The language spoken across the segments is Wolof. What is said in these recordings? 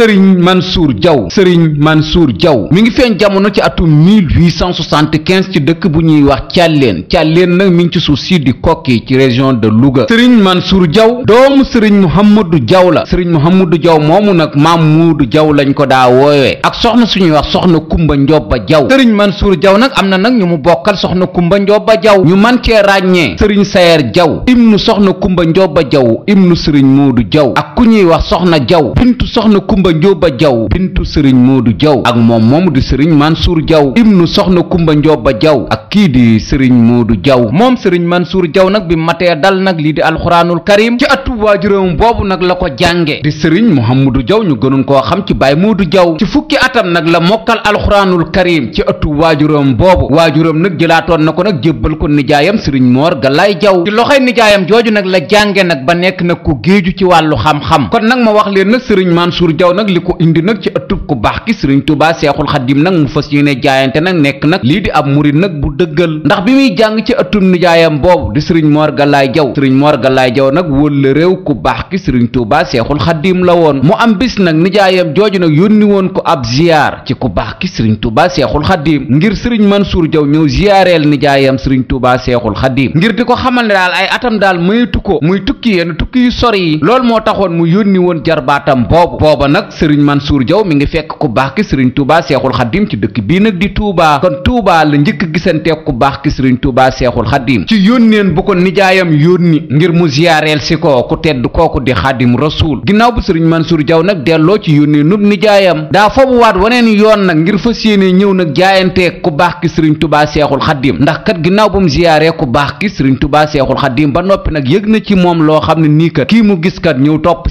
sëriñ Mansour Diaw sëriñ Mansour Diaw mi ngi feeñ jamono ci atum 1875 ci dëkk bu ñuy wax càlleen càlleen nag mi ngi ci suuf si di kokki ci région de Louga sëriñ Mansour Diaw doomu sëriñ Mouhamadou jaw la sëriñ Mouhamadou Diaw moomu nag maam Muudu Diaw lañ ko daa wooyee ak soxna suñuy wax soxna Kumba Njoba Diaw sëriñ Mansour Diaw nag am na nag ñu mu bokkal soxna Kumba Njoba Diaw ñu man cee ràññee sëriñ Sayer Diaw ibnu soxna Kumba Njoba Diaw ibnu sëriñ Muudu jaw ak ku ñuy wax soxna Diaw kumba njóoba jaw bintu sëriñ moodu jaw ak moom moomu di sëriñ mansuur jaw ibnu soxna kumba njóoba jaw ak kii di sëriñ moodu jaw moom sëriñ mansuur jaw nag bi matee dal nag lii di alxuraanul karim ci atu waajuram boobu nag la ko jànge di sëriñ muhammadu jaw ñu gënoon koo xam ci baay moodu jaw ci fukki atam nag la mokkal alxuraanul karim ci atu waajuram boobu waajuram nag jëlaatoon na ko nag jébbal ko nijaayam sëriñ moor galaay jaw ci loxoy nijaayam jooju nag la jànge nag ba nekk nag ku géeju ci wàllu xam-xam kon nag ma nag li ko indi nag ci ëttub ku baax ki sëriñ tubaa seexul xaddim nag mu fas yéene jaayante nag nekk nag lii di ab murit nag bu dëggal ndax bi muy jàng ci ëttub nijaayam boobu di sëriñ moor galaay jaw sëriñ moor galaay jaw nag wëlle réew ku baax ki sëriñ tubaa seexul xaddim la woon mu am bis nag nijaayam jooju nag yónni woon ko ab ziyaar ci ku baax ki sëriñ tubaa seexul xaddim ngir sëriñ mansuur jaw ñëw ziyaareel nijaayam sëriñ tubaa seexul xaddim ngir di ko xamal ne daal ay atam daal maytu ko muy tukki yenn tukki yu sori yi loolu moo taxoon mu yónni woon jarbaatam boobu booba nag nag sëriñ Mansour Diaw mi ngi fekk ku baax ki sëriñ Touba Seexul Xaddim ci dëkk bii nag di Touba kon Touba la njëkk gisante ku baax ki sëriñ Touba Seexul Xaddim ci yónneen bu ko nijaayam yónni ngir mu ziyaareel si ko ku tedd kooku di Xaadim Rasuul ginnaaw bu sëriñ man suur jaw nag delloo ci yónnee nub nijaayam daa foobu waat waneen yoon nag ngir fa yéene ñëw nag jaayante ku baax ki sëriñ Touba Seexul Xaddim ndax kat ginnaaw bu mu ziyaaree ku baax ki sëriñ Touba Seexul Xaddim ba noppi nag yëg na ci moom loo xam ne nii mu gis ñëw topp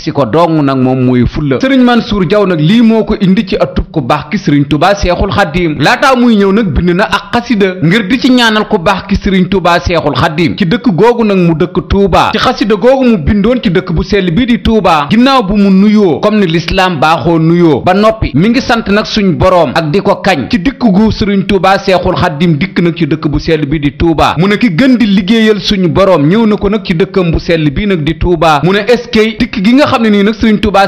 Mansour Diaw nag lii moo ko indi ci atub ku baax ki sëriñ tubaa seexul xaddiim laataa muy ñëw nag bind na ak xasida ngir di ci ñaanal ku baax ki sëriñ tubaa seexul xaddiim ci dëkk googu nag mu dëkk tuubaa ci xasida googu mu bindoon ci dëkk bu sell bii di tuubaa ginnaaw bu mu nuyoo comme ni lislaam baaxoo nuyoo ba noppi mu ngi sant nag suñ boroom ak di ko kañ ci dikk gu sëriñ tubaa seexul xaddiim dikk nag ci dëkk bu sell bi di tuubaa mu ne ki gën di liggéeyal suñu boroom ñëw na ko nag ci dëkkam bu sell bii nag di tuubaa mu ne eskay dikk gi nga xam ne nii nag sëriñ tubaa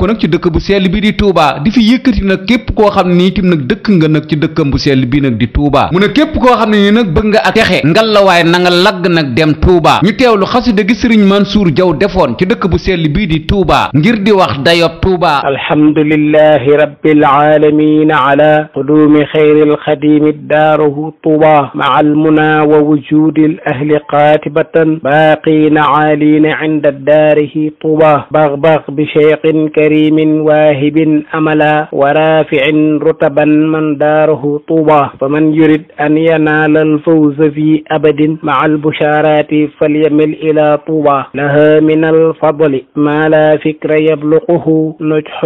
ko nag ci dëkk bu sell bi di Touba di fi yëkkati nag képp koo xam ne nii tim nag dëkk nga nag ci dëkkam bu sell bi nag di Touba mu na képp koo xam ne nii nag bëgg nga ak texe ngalawaay waaye nga lagg nag dem Touba ñu teewlu xasida gi Sëriñ suur jaw defoon ci dëkk bu sell bii di Touba ngir di wax dayob Touba alhamdulillahi rabbil alamin ala qudumi xayril xadimi daaruhu Touba maa almuna wa wujudi ahli qaatibatan baaqina aalina inda daarihi Touba bax bax bi cheikhin كريم واهب أملا ورافع رتبا من داره طوبى فمن يريد أن ينال الفوز في أبد مع البشارات فليمل إلى طوبى لها من الفضل ما لا فكر يبلغه نجح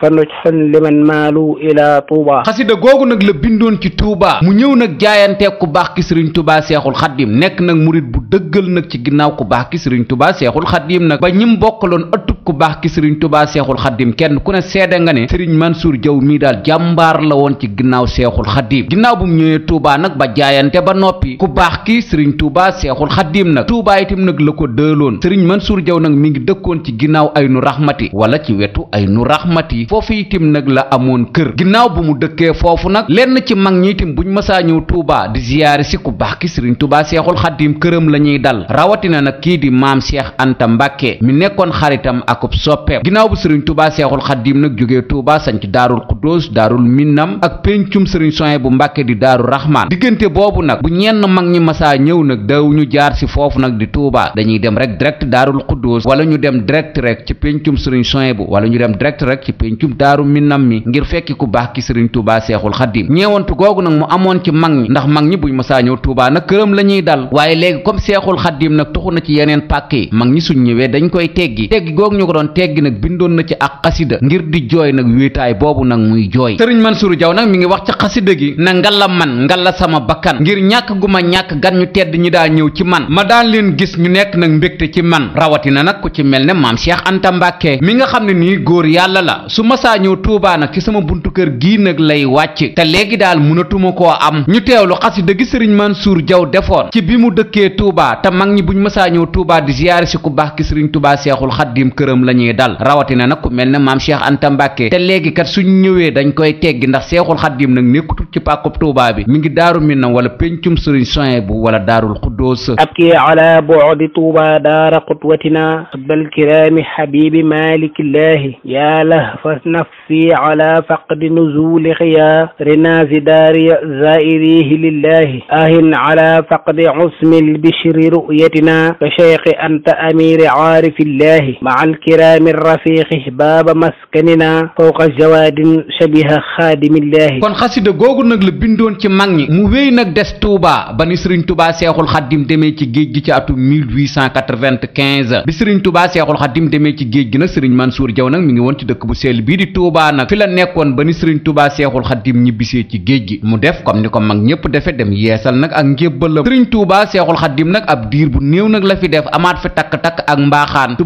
فنجح لمن مالوا إلى طوبى خسيد غوغو نك لبندون كي طوبى مو نيو نك جاينتي كو باخ كي سيرن طوبى شيخ الخديم نك نك مريد بو دغل نك سي غيناو كو باخ كي سيرن طوبى شيخ الخديم نك با نيم بوكلون اتوب كو باخ كي سيرن طوبى شيخ xaddim kenn ku ne seede nga ne sëriñ Mansour Diaw mii daal jàmbaar la woon ci ginnaaw seexul xaddim ginnaaw bu mu ñëwee Touba nag ba jaayante ba noppi ku baax kii sëriñ Touba seexul xaddim nag Touba itam nag la ko dëloon sëriñ Mansour jaw nag mi ngi dëkkoon ci ginnaaw ay nu raxmati wala ci wetu ay nu raxmati foofu itam nag la amoon kër ginnaaw bu mu dëkkee foofu nag lenn ci mag ñi itam buñ mësaa ñëw tuubaa di ziyaare si ku baax ki sëriñ Touba seexul këram la ñuy dal rawatina nag kii di maam Cheikh Anta Mbacke mi nekkoon Touba Seexul Xaddiim nag jógee Touba sanc daarul Xuddoos daarul Minnam ak pencum Serigne Soye bu Mbàkke di daaru Rahman diggante boobu nag bu ñenn mag ñi masaa ñëw nag daawuñu jaar ci foofu nag di Touba dañuy dem rek direct daarul Xuddoos wala ñu dem direct rek ci pencum Serigne Soye bu wala ñu dem direct rek ci pencum daaru Minnam mi ngir fekki ku baax ki Serigne Touba Seexul Xaddiim ñeewantu googu nag mu amoon ci mag ñi ndax mag ñi buñ masaa ñëw Touba nag këram la ñuy dal waaye léegi comme Seexul Xaddiim nag tuxu na ci yeneen pàkk yi mag ñi suñ ñëwee dañ koy ak xasida ngir di jooy nag wéetaay boobu nag muy jooy sëriñ Mansour Diaw nag mi ngi wax ci xasida gi na ngalla man ngalla sama bakkan ngir ñàkk gu ma ñàkk gan ñu tedd ñi daa ñëw ci man ma daan leen gis ñu nekk nag mbégte ci man rawatina nag ku ci mel ne maam Cheikh Anta Mbàkke mi nga xam ne nii góor yàlla la su masaa ñëw Tuubaa nag ci sama buntu kër gii nag lay wàcc te léegi daal mënatuma koo am ñu teewlu xasida gi sëriñ Mansour Diaw defoon ci bi mu dëkkee Tuubaa te ñi buñ masaa ñëw Tuubaa di mel mam Cheikh Anta mbake te léegi kat suñ ñëwé dañ koy tégg ndax cheikhul khadim nak nekkutul ci pakop Tuubaa bi mi ngi daru minna wala pencum serigne soin bu wala darul xuddoos abki ala bu'di Tuubaa dar qutwatina bal kiram habibi malik allah ya lahfa nafsi ala faqdi nuzuli xiya rinazi daari zairihi lillahi ahin ala faqd usm usmi lbishri ru'yatina ka cheikhi anta amiri aarifillahi maa alkiraami rafiqi baaba maskanina fawqa jawaadin shabiha xaadimillahi kon xasida googu nag la bindoon ci mag ñi mu wéy nag des Touba ba ni Serigne Touba Seexul Xaddim demee ci géej gi ci atum 1895 bi Serigne Touba Seexul Xaddim demee ci géej gi nag Serigne Mansour Diaw nag mi ngi woon ci dëkk bu sell bii di Touba nag fi la nekkoon ba ni Serigne Touba Seexul Xaddim ñibbisee ci géej gi mu def comme ni ko mag ñëpp defe dem yeesal nag ak njébbalam Serigne Touba Seexul Xaddim nag ab diir bu néew nag la fi def amaat fi takk-takk ak mbaaxaan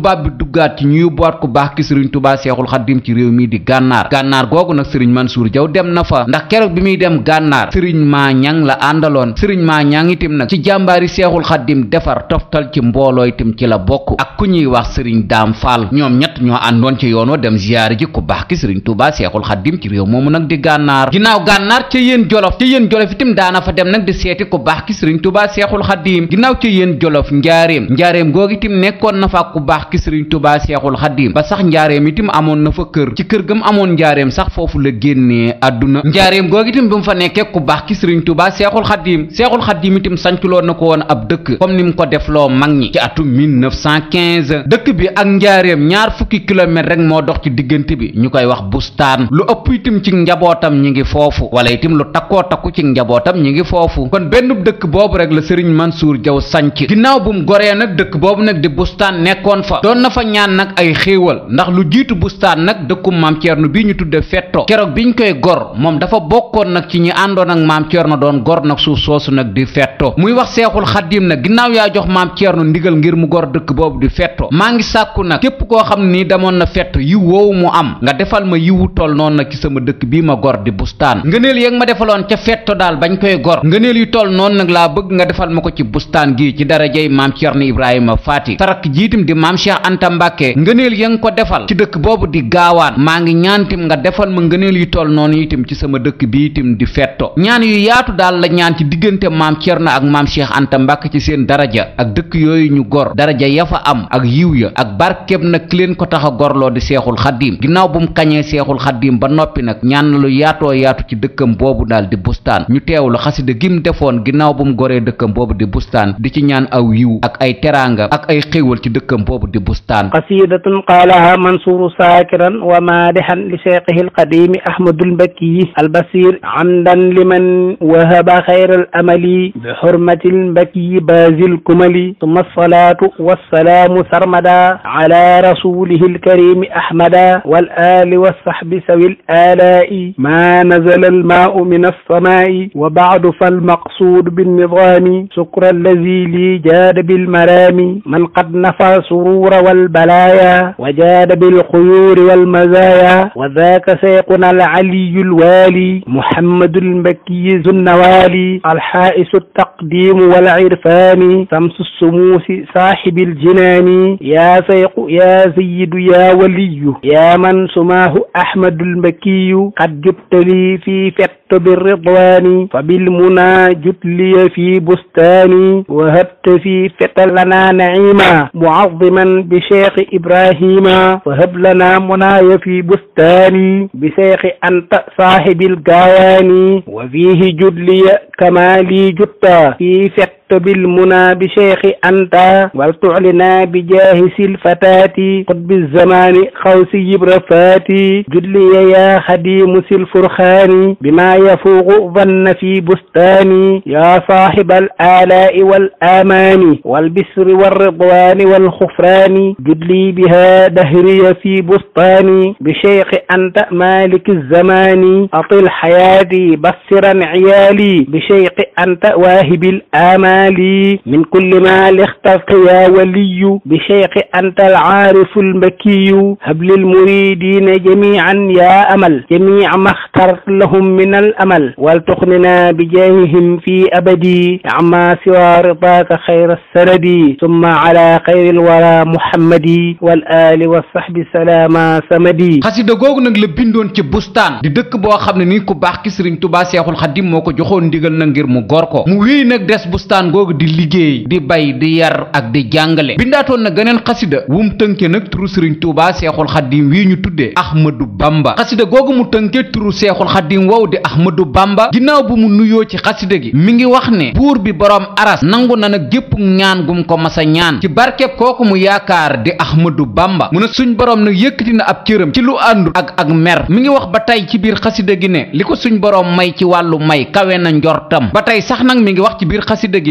Touba Seexul Xaddim ci réew mi di gànnaar gànnaar googu nag sëriñ Mansour Diaw dem na fa ndax keroog bi muy dem gànnaar sëriñ maa ñang la àndaloon sëriñ maa ñang itam nag ci jàmbaari Seexul Xaddim defar toftal ci mbooloo itam ci la bokk ak ku ñuy wax sëriñ Daam Fall ñoom ñett ñoo àndoon ci yoon wa dem ziyaare ji ku baax ki sëriñ Touba Seexul Xaddim ci réew moomu nag di gànnaar ginnaaw gànnaar ca yéen jolof ca yéen jolof itam daana fa dem nag di seet ku baax ki sëriñ Touba Seexul Xaddim ginnaaw ca yéen jolof njaareem njaareem googu itam nekkoon na fa ku baax itam amoon na fa kër ci kër gam amoon njaareem sax foofu la génnee àdduna njaareem googu itam bi mu fa nekkee ku baax ki sëriñ Tuubaa seexul xaddiim seexul xaddiim itam sanculoon na ko woon ab dëkk comme ni mu ko defloo mag ñi ci atum 1915 dëkk bi ak njaareem ñaar fukki kilomètre rek moo dox ci diggante bi ñu koy wax bustaan lu ëpp itam ci njabootam ñi ngi foofu wala itam lu takkoo takku ci njabootam ñi ngi foofu kon benn dëkk boobu rek la sëriñ Mansour jaw sanc ginnaaw bu mu goree nag dëkk boobu nag di bustaan nekkoon fa doon na ñaan nag ay xéewal ndax lu jiit njiitu bustaan nag dëkkum maam Thierno bii ñu tudde fetto keroog biñ koy gor moom dafa bokkoon nag ci ñi àndoon ak maam Thierno doon gor nag suuf soosu nag di fetto muy wax seexul xaddiim na ginnaaw yaa jox maam Thierno ndigal ngir mu gor dëkk boobu di fetto maa ngi sàkku nag képp koo xam ne nii damoon na fetto yiw woowu mu am nga defal ma yiwu toll noonu nag ci sama dëkk bii ma gor di bustaan ngëneel yéeg ma defaloon ca fetto daal bañ koy gor ngëneel yu toll noonu nag laa bëgg nga defal ma ko ci bustaan gi ci darajey maam Thierno Ibrahima Faati tarak jiitim di maam Cheikh Anta Mbàkke ngëneel ko defal bobu di gawan, mangi ñantim nga defal ma ngeenel yu toll tim itam ci sama dekk bi tim di fetto ñaan yu yaatu dal la ñaan ci digeunte mam cierna ak mam Cheikh Anta mbak ci seen daraja ak dekk yoy ñu gor daraja ya fa am ak yiw ya ak barkeb na kleen ko taxa gor lo di cheikhul khadim ginaaw bu mu kañe cheikhul khadim ba nopi nak ñaan na lu yaato yaatu ci dekkam bobu dal di bustan ñu teewlu xasida gim defoon ginaaw bu mu gore dekkam bobu di bustan di ci ñaan aw yiw ak ay teranga ak ay xéewal ci dekkam bobu di bustan qasidatun qalaha mansur ساكرا ومادحا لشيخه القديم أحمد البكي البصير عمدا لمن وهب خير الأمل بحرمة البكي باز الكمل ثم الصلاة والسلام سرمدا على رسوله الكريم أحمدا والآل والصحب سوي الآلاء ما نزل الماء من السماء وبعد فالمقصود بالنظام شكر الذي لي جاد بالمرام من قد نفى سرور والبلايا وجاد بالخلق والخيور والمزايا وذاك سيقنا العلي الوالي محمد المكي ذو النوالي الحائس التقديم والعرفان شمس السموس صاحب الجنان يا سيق يا سيد يا ولي يا من سماه أحمد المكي قد جبت لي في فقت بالرضوان فبالمنى جت لي في بستاني وهبت في فتى لنا نعيما معظما بشيخ إبراهيم وهب لنا مناي في بستاني بشيخ أنت صاحب الجواني وفيه جدلي كمالي لي في فقه بالمنى بشيخ أنت ولتعلنا بجاه سلفتاتي قطب الزمان خوسي برفاتي جلي يا خديم سلفرخان بما يفوق ظن في بستاني يا صاحب الآلاء والآمان والبسر والرضوان والخفران جدلي بها دهري في بستاني بشيخ أنت مالك الزمان أطل حياتي بصرا عيالي بشيخ أنت واهب الآمان مالي من كل مال اخترت يا ولي بشيخ أنت العارف المكي هب للمريدين جميعا يا أمل جميع ما اخترت لهم من الأمل ولتخننا بجاههم في أبدي عما سوى رضاك خير السرد ثم على خير الورى محمدي والآل والصحب سلاما سمدي xasida غوغ nag la bindoon بستان دي دك dëkk boo xam ne nii ku baax ki Sëriñ Tuubaa Seexul Xadim moo ko مو ndigal na ngir mu nasaraan googu di liggéey di bay di yar ak di jàngale bindaatoon na geneen xasida wum tënke nag turu sëriñ tuubaa seexul xaddiim wii ñu tuddee ahmadu bamba xasida googu mu tënke turu seexul xaddiim wow di ahmadu bamba ginnaaw bu mu nuyoo ci xasida gi mi ngi wax ne buur bi boroom aras nangu na nag gépp ñaan gum ko masa ñaan ci barkeb kooku mu yaakaar di ahmadu bamba mu na suñ boroom nag yëkkati na ab cëram ci lu àndul ak ak mer mi ngi wax ba tey ci biir xasida gi ne li ko suñ boroom may ci wàllu may kawe na njortam ba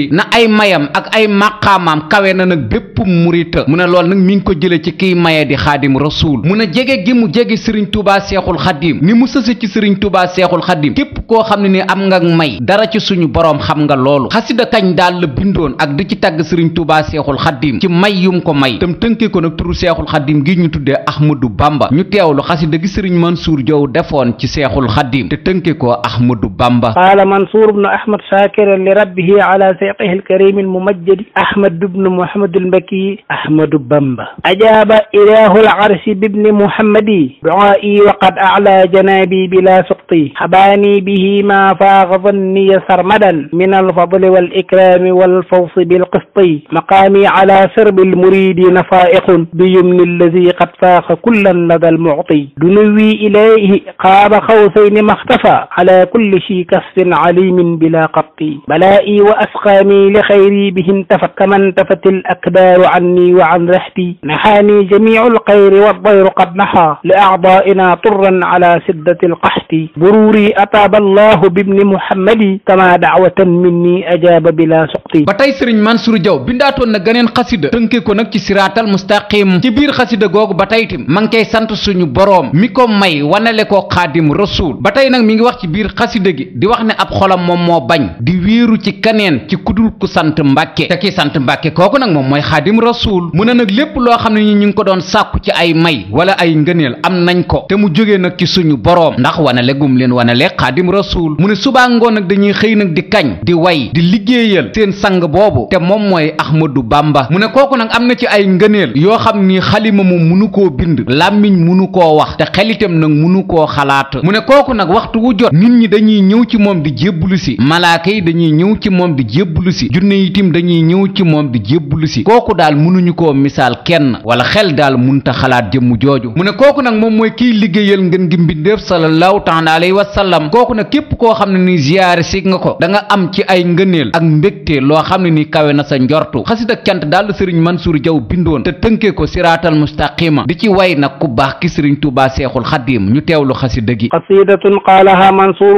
bi na ay mayam ak ay maqaamaam kawe na nag bépp murita mu ne loolu nag mi ko jëlee ci kiy maye di xaadim rasuul mu ne jege gi mu jege sëriñ tubaa seexul xadim ni mu sëse ci sëriñ tubaa seexul xadim képp koo xam ne ni am nga may dara ci suñu boroom xam nga loolu xasida kañ daal la bindoon ak di ci tàgg sëriñ tubaa seexul xadim ci may yum ko may tam tënkee ko nag turu seexul xadim gi ñu tuddee ahmadou bamba ñu teewlu xasida gi sëriñ mansuur jow defoon ci seexul xadim te tënkee ko ahmadou bamba qaala mansuur ibnu ahmad shaakiran li rabbihi ala الفقيه الكريم الممجد أحمد بن محمد المكي أحمد بمبا أجاب إله العرش بابن محمد دعائي وقد أعلى جنابي بلا سقطي حباني به ما فاغ ظني سرمدا من الفضل والإكرام والفوص بالقسط مقامي على سرب المريد نفائق بيمن الذي قد فاق كل لدى المعطي دنوي إليه قاب قوسين ما اختفى على كل شي كف عليم بلا قط بلائي وأسقامي نحاني لخيري بهم تفت كمن تفت الأكبار عني وعن رحبي نحاني جميع الخير والضير قد نحى لأعضائنا طرا على سدة القحط بروري أطاب الله بابن محمد كما دعوة مني أجاب بلا سقطي ba tey sëriñ Mansour Diaw bindaatoon na ganeen xasida tënke ko nag ci siraatal mustaqim ci biir xasida googu ba tey tim ma ngi koy sant suñu boroom mi ko may wanale ko xaadim rasul ba tey nag mi ngi wax ci biir xasida gi di wax ne ab xolam moom moo bañ di wéeru ci kaneen ci ku dul ku sant mbàkke te ki sant mbàkke kooku nag moom mooy xaadim rasuul mu ne lépp loo xam ne ñi ñu ngi ko doon sàkku ci ay may wala ay ngëneel am nañ ko te mu jógee nag ci suñu boroom ndax wana legum leen wana le xaadim rasuul mu ne subaa ngoon nag dañuy xëy nag di kañ di way di liggéeyal seen sang boobu te moom mooy ax ma du bamba mu ne kooku nag am na ci ay ngëneel yoo xam ni xalima moom munu koo bind làmmiñ munu koo wax te xelitam nag munu koo xalaat mu ne kooku nag waxtu wu jot nit ñi dañuy ñëw ci moom di jébbulu si malaaka yi dañuy ñëw ci moom di jébbulu jébbalu si junne itim dañuy ñëw ci moom di jébbalu si kooku daal mënuñu koo misaal kenn wala xel daal munta xalaat jëmm jooju mu ne kooku nag moom mooy kiy liggéeyal ngeen gi mbindeef sallallahu taala alayhi wa sallam kooku nag képp koo xam ne ni ziyaare si nga ko da nga am ci ay ngëneel ak mbégte loo xam ne ni kawe na sa njortu xasida cant daal sëriñ Mansour Diaw bindoon te tënkee ko siraatal mustaqima di ci way nag ku baax ki sëriñ Tuubaa Seexul Xadiim ñu teewlu xasida gi qasidatun qaalaha Mansour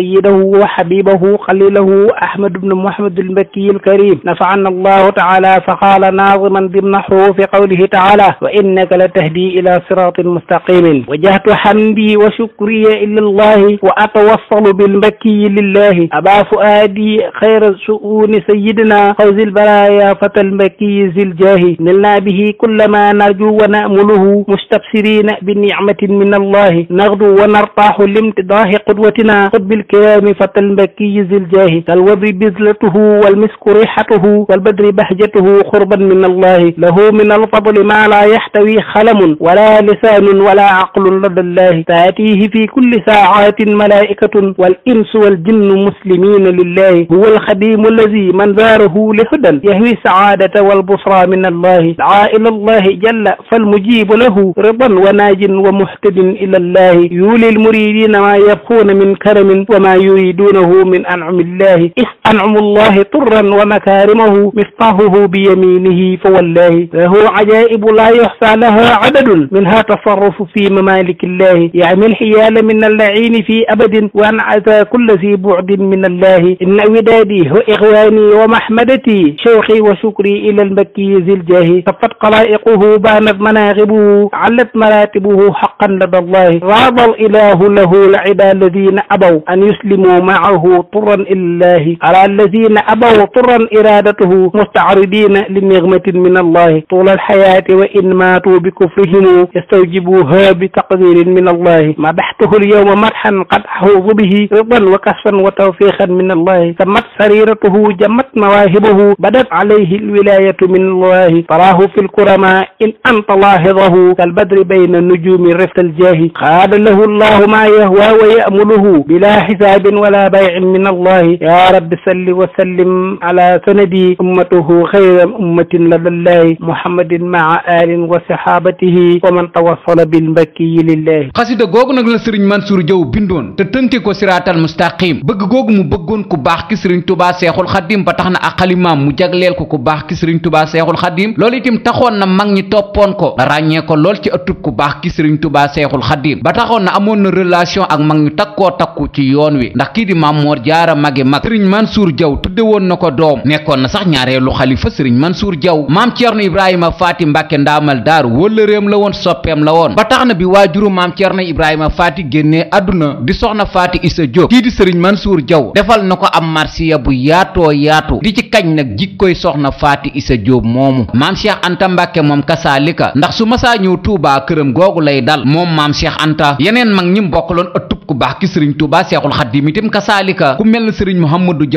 ibnu له خليله أحمد بن محمد المكي الكريم نفعنا الله تعالى فقال ناظما بالنحو في قوله تعالى وإنك لتهدي إلى صراط مستقيم وجهت حمدي وشكري إلى الله وأتوصل بالمكي لله أبا فؤادي خير شؤون سيدنا فوز البرايا فتى المكي ذي الجاه نلنا به كل ما نرجو ونأمله مستبصرين بنعمة من الله نغدو ونرتاح لامتضاح قدوتنا خذ بالكلام فتى المكي العلي ذي الجاه كالوبر بذلته والمسك ريحته والبدر بهجته قربا من الله له من الفضل ما لا يحتوي خلم ولا لسان ولا عقل لدى الله تأتيه في كل ساعات ملائكة والإنس والجن مسلمين لله هو الخديم الذي من زاره لهدى يهوي السعادة والبصرى من الله دعا إلى الله جل فالمجيب له رضا وناج ومحتد إلى الله يولي المريدين ما يبقون من كرم وما يريدونه من من أنعم الله أنعم الله طرا ومكارمه مفتاحه بيمينه فوالله له عجائب لا يحصى لها عدد منها تصرف في ممالك الله يعني الحيال من اللعين في أبد وأن عزى كل ذي بعد من الله إن ودادي وإغواني ومحمدتي شوقي وشكري إلى المكي ذي الجاه صفت قلائقه بانت مناغبه علت مراتبه حقا لدى الله راض الإله له العباد الذين أبوا أن يسلموا معه طرا إلى الله الذين أبوا طرا إرادته مستعرضين لنغمة من الله طول الحياة وإن ماتوا بكفرهم يستوجبوها بتقدير من الله ما بحته اليوم مرحا قد أحوظ به رضا وكسفا وتوفيقا من الله تمت سريرته جمت مواهبه بدت عليه الولاية من الله تراه في الكرماء إن أنت لاحظه كالبدر بين النجوم رفت الجاه قال له الله ما يهوى ويأمله بلا حساب ولا بيع من الله يا رب salli wa sallim ala sanadi ummatuhu xayra ummatin ladallahi muhammadin maa alin wa sahabatihi wa man tawassala bil mbakkiyi lillahi xasida googu nag la sëriñ Mansour Diaw bindoon te tënke ko siraatal mustaqim bëgg googu mu bëggoon ku baax ki sëriñ tubaa seexul xadim ba tax na ak xalimaam mu jagleel ko ku baax ki sëriñ tubaa seexul xadim lool itam taxoon na mag ñi toppoon ko ràññee lool ci ëttub ku baax ki sëriñ tubaa seexul xadim ba taxoon na amoon na relation ak mag ñu takkoo takku ci yoon wi ndax kii di Jaara magi mag Mansour Diaw tudde woon na ko doom nekkoon na sax ñaareelu xalifa sëriñ Mansour Diaw maam Ceerno Ibrahima Faati Mbàkke ndaamal daaru wëllëreem la woon soppeem la woon ba tax na bi waajuru maam Ceerno Ibrahima Faati génnee àdduna di soxna Faati Isa Diop kii di sëriñ Mansour Diaw defal na ko am marsiya bu yaatoo yaatu di ci kañ nag jikkoy soxna Faati Isa Diop moomu maam Cheikh Anta Mbàkke moom kasaalika ndax su masaa ñëw Tuubaa këram googu lay dal moom maam Cheikh Anta yeneen mag ñi bokkaloon ëttub ku baax ki sëriñ Tuubaa Seexul Xadiim itam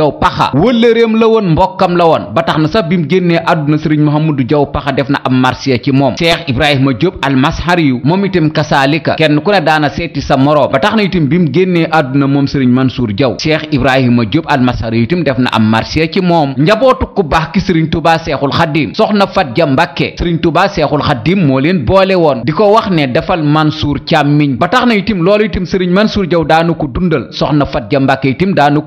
Jaw wëllëreem la woon mbokkam la woon ba tax na sax bi mu génnee àdduna sëriñ Mouhamadou Jaw Paxa def na am marsiya ci moom Cheikh Ibrahima Diop almashari yu moom itam kasaalika kenn ku ne daana seeti sa moroom ba tax na itam bi mu génnee àdduna moom sëriñ Mansour Jaw Cheikh Ibrahima Diop almashari yu itam def na am marsiya ci moom njabootu ku baax ki sëriñ Touba Seexul Xaddim soxna Fat Ja Mbàkke sëriñ Touba Seexul Xaddim moo leen boole woon di ko wax ne dafal Mansour càmmiñ ba tax na itam loolu itam sëriñ Mansour Jaw daanu ko dundal soxna Fat Ja Mbàkke itam daanu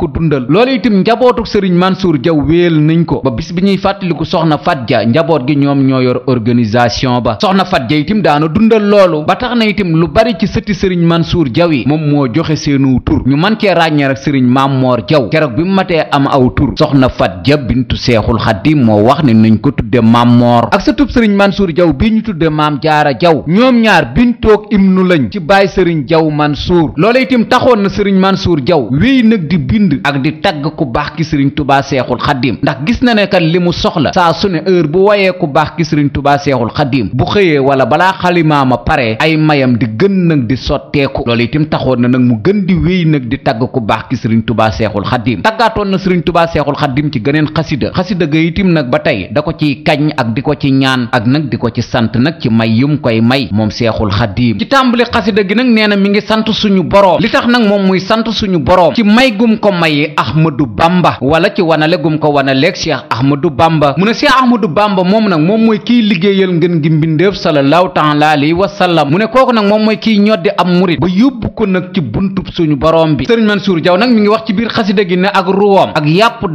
njabootuk sëriñ Mansour jaw wéel nañ ko ba bis bi ñuy fàttaliku soxna Fat Dia njaboot gi ñoom ñoo yor organisation ba soxna Fat Dia itam daana dundal loolu ba tax na itam lu bari ci sëtti sëriñ Mansour Diaw yi moom moo joxe seenu tur ñu man cee ràññee rek sëriñ Mammoor Diaw keroog bi mu matee am aw tur soxna Fat ja bintu seexul Xaadim moo wax ne nañ ko tudde Mammoor ak sa tub sëriñ Mansour jaw bii ñu tudde Maam Jaara jaw ñoom ñaar bintoog ibnu lañ ci baay sëriñ Diaw Mansour loola itam taxoon na sëriñ Mansour jaw wéy nag di bind ak di tagg ku baax ki sëriñ tubaa seexul xaddim ndax gis na ne kat li mu soxla saa su ne heure bu wayee ku baax ki sëriñ tubaa seexul xaddim bu xëyee wala balaa xalimaama pare ay mayam di gën nag di sotteeku loolu itam taxoon na nag mu gën di wéy nag di tagg ku baax ki sëriñ tubaa seexul xaddim taggaatoon na sëriñ tubaa seexul xaddim ci gëneen xasida xasida ga itam nag ba tey da ko ciy kañ ak di ko ci ñaan ak nag di ko ci sant nag ci may yum koy may moom seexul xaddim ci tàmbali xasida gi nag nee na mi ngi sant suñu boroom li tax nag moom muy sant suñu boroom ci may gum bamba wala ci wanale gum ko wanale cheikh ahmadou bamba mune si cheikh ahmadou bamba mom nak mom moy ngin liggeyel ngeen gi mbindeef sallallahu taala alayhi wa sallam mune koku nak mom moy ki ñoddi am mourid ba yóbbu ko nak ci buntub suñu borom bi serigne Mansour Diaw nak mi ngi wax ci bir khassida gi ne ak ruwam ak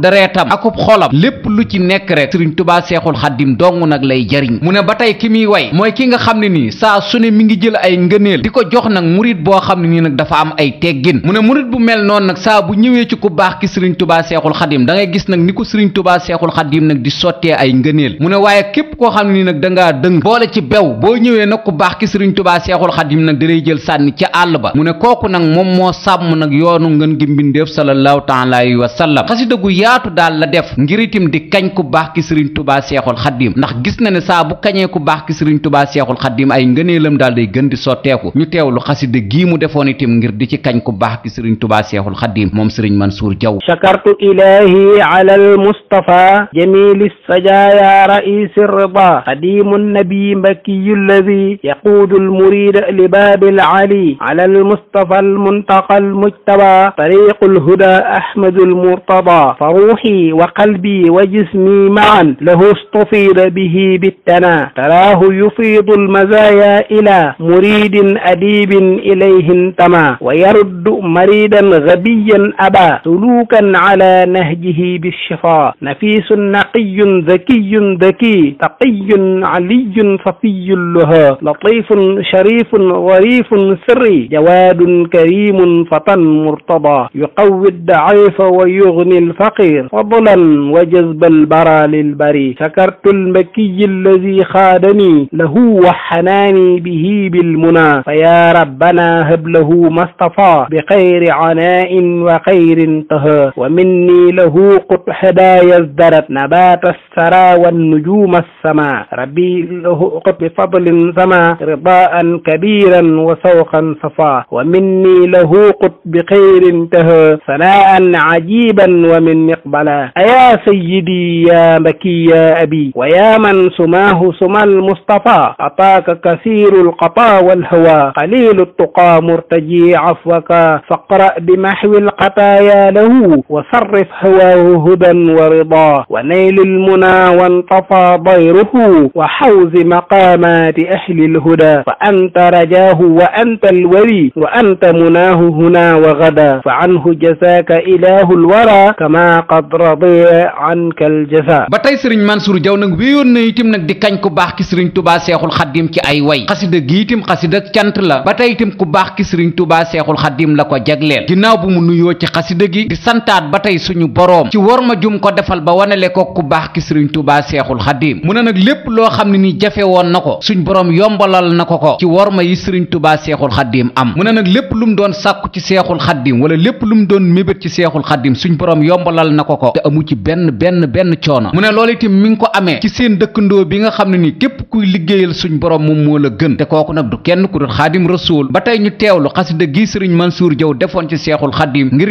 deretam ak akub xolam lepp lu ci nek rek serigne touba cheikhul khadim dong nak lay jariñ mune batay kimi ki way moy ki nga xamni ni sa suñu mi ngi jël ay ngeeneel diko jox nak murit bo xamni ni nak dafa am ay teggin mune mourid bu mel non nak sa bu ñewé ci ku baax ki serigne touba Touba Seexul Xadim da ngay gis nag ni ko Sëriñ Touba Seexul Xadim nag di sottee ay ngëneel mu ne waaye képp koo xam ni nag dangaa dëng boole ci bew boo ñëwee nag ku baax ki Sëriñ Touba Seexul Xadim nag dalay jël sànni ci àll ba mu ne kooku nag moom moo sàmm nag yoonu ngën gi mbindeef sallallahu taala alayhi wa sallam xasida gu yaatu daal la def ngir itam di kañ ku baax ki Sëriñ tubaa Seexul Xadim ndax gis na ne saa bu kañee ku baax ki Sëriñ tubaa Seexul Xadim ay ngëneelam daal day gën di sotteeku ñu teewlu xasida gii mu defoon itam ngir di ci kañ ku baax ki Sëriñ Touba Seexul Xadim moom Sëriñ Mansour Jaw إلهي على المصطفى جميل السجايا رئيس الرضا قديم النبي مكي الذي يقود المريد لباب العلي على المصطفى المنتقى المجتبى طريق الهدى أحمد المرتضى فروحي وقلبي وجسمي معا له استفيد به بالتنا تراه يفيض المزايا إلى مريد أديب إليه انتمى ويرد مريدا غبيا أبا سلوكا على على نهجه بالشفاء نفيس نقي ذكي ذكي تقي علي صفي لها لطيف شريف ظريف سري جواد كريم فتى مرتضى يقوي الضعيف ويغني الفقير فضلا وجذب البرى للبري شكرت المكي الذي خادني له وحناني به بالمنى فيا ربنا هب له ما اصطفى بخير عناء وخير طه ومن إني له قط هدايا ازدرت نبات السرى والنجوم السماء ربي له قط بفضل سما رضاء كبيرا وسوقا صفا ومني له قط بخير انتهى ثناء عجيبا ومن مقبلا أيا سيدي يا بكي يا أبي ويا من سماه سما المصطفى أطاك كثير القطا والهوى قليل التقى مرتجي عفوك فاقرأ بمحو القطايا له وصف صرف هواه هدى ورضاه ونيل المنى وانطفى ضيره وحوز مقامات أهل الهدى فأنت رجاه وأنت الولي وأنت مناه هنا وغدا فعنه جزاك إله الورى كما قد رضي عنك الجزاء ba tey sëriñ Mansour Diaw nag wéyoon na itam nag di kañ ku baax ki sëriñ Touba Seexul Xaddim ci ay way xasida gi itam xasida cant la ba tey itam ku baax ki sëriñ Touba Seexul Xaddim la ko jagleel ginnaaw bu mu nuyoo ci xasida gi di santaat ba tey suñu boroom ci worma jum ko defal ba wanale ko ku baax ki sëriñ tubaa seexul xadiim mu ne nag lépp loo xam ne ni jafe woon na ko suñ borom yombalal na ko ko ci worma yi sëriñ tubaa seexul xadiim am mu ne nag lépp lu mu doon sàkku ci seexul xadiim wala lépp lu mu doon mébét ci seexul xadiim suñu borom yombalal na ko ko te amu ci benn benn benn coono mu ne loolu itam mi ngi ko amee ci seen dëkkandoo bi nga xam ne ni képp kuy liggéeyal suñ boroom moom moo la kooku nag du kenn ku dul xaadim rasuul ba tey ñu teewlu xasida gi sëriñ Mansuur Jaw defoon ci seexul xadiim ngir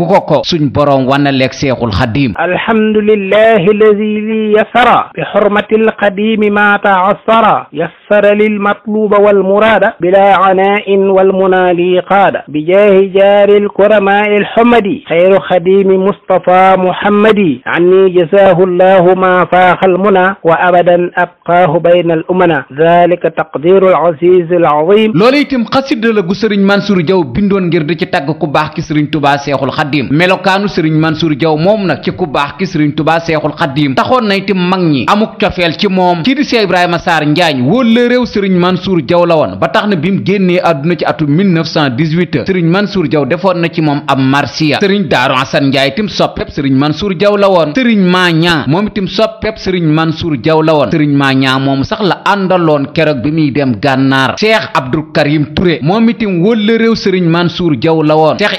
الحمد لله الذي لي يسر بحرمه القديم ما تعثر يسر للمطلوب والمراد بلا عناء والمنالي قاد بجاه جار الكرماء الحمدي خير خديم مصطفى محمدي عني جزاه الله ما فاخ المنى وابدا ابقاه بين الامنا ذلك تقدير العزيز العظيم لوليتم قصيد لا منصور جاو بيندون غير دي تاغ كو باخ xaddiim melokaanu sëriñ Mansour Diaw moom nag ci ku ki sëriñ tubaa seexul xaddiim taxoon na itam mag ñi amuk cofeel ci moom kii di Cheikh Ibrahima Sarr Njaañ wóolle réew sëriñ Mansour Diaw la woon ba tax sëriñ Mansour moom ab marsiya sëriñ Daaru Asan Njaay itam soppeb sëriñ Mansour Diaw la woon sëriñ Maña moom itam soppeb sëriñ Mansour Diaw la woon sëriñ Maña moom sax àndaloon keroog bi muy dem gànnaar Cheikh Abdou Karim Touré moom itam wóolle réew sëriñ Mansour Diaw la woon Cheikh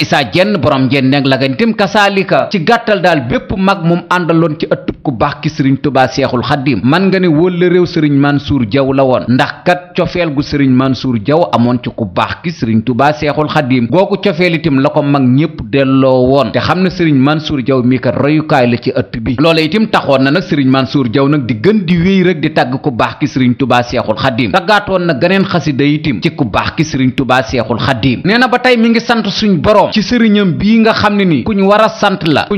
neg la gañ tim kasaalika ci gàttal daal bépp mag mum àndaloon ci ëttub ku baax ki sëriñ tubaa seexul xaddim man nga ne wólla réew sëriñ Mansour la woon ndax kat cofeel gu sëriñ Mansour Diaw amoon ci ku baax ki sëriñ tubaa seexul xaddim googu cofeel itam la ko mag ñépp delloo woon te xam ne sëriñ Mansour Diaw mii kat royukaay la ci ëtt bi loola itam taxoon na nag sëriñ Mansour Diaw nag di gën di wéy rek di tàgg ku baax ki sëriñ tubaa seexul xaddim taggaatoon na ganeen xasida itim ci ku baax ki sëriñ tubaa seexul xaddim nee na ba tey mi ngi sant suñ boroom ci sëriñam bii nga xam ne nii ku ñu war a sant la te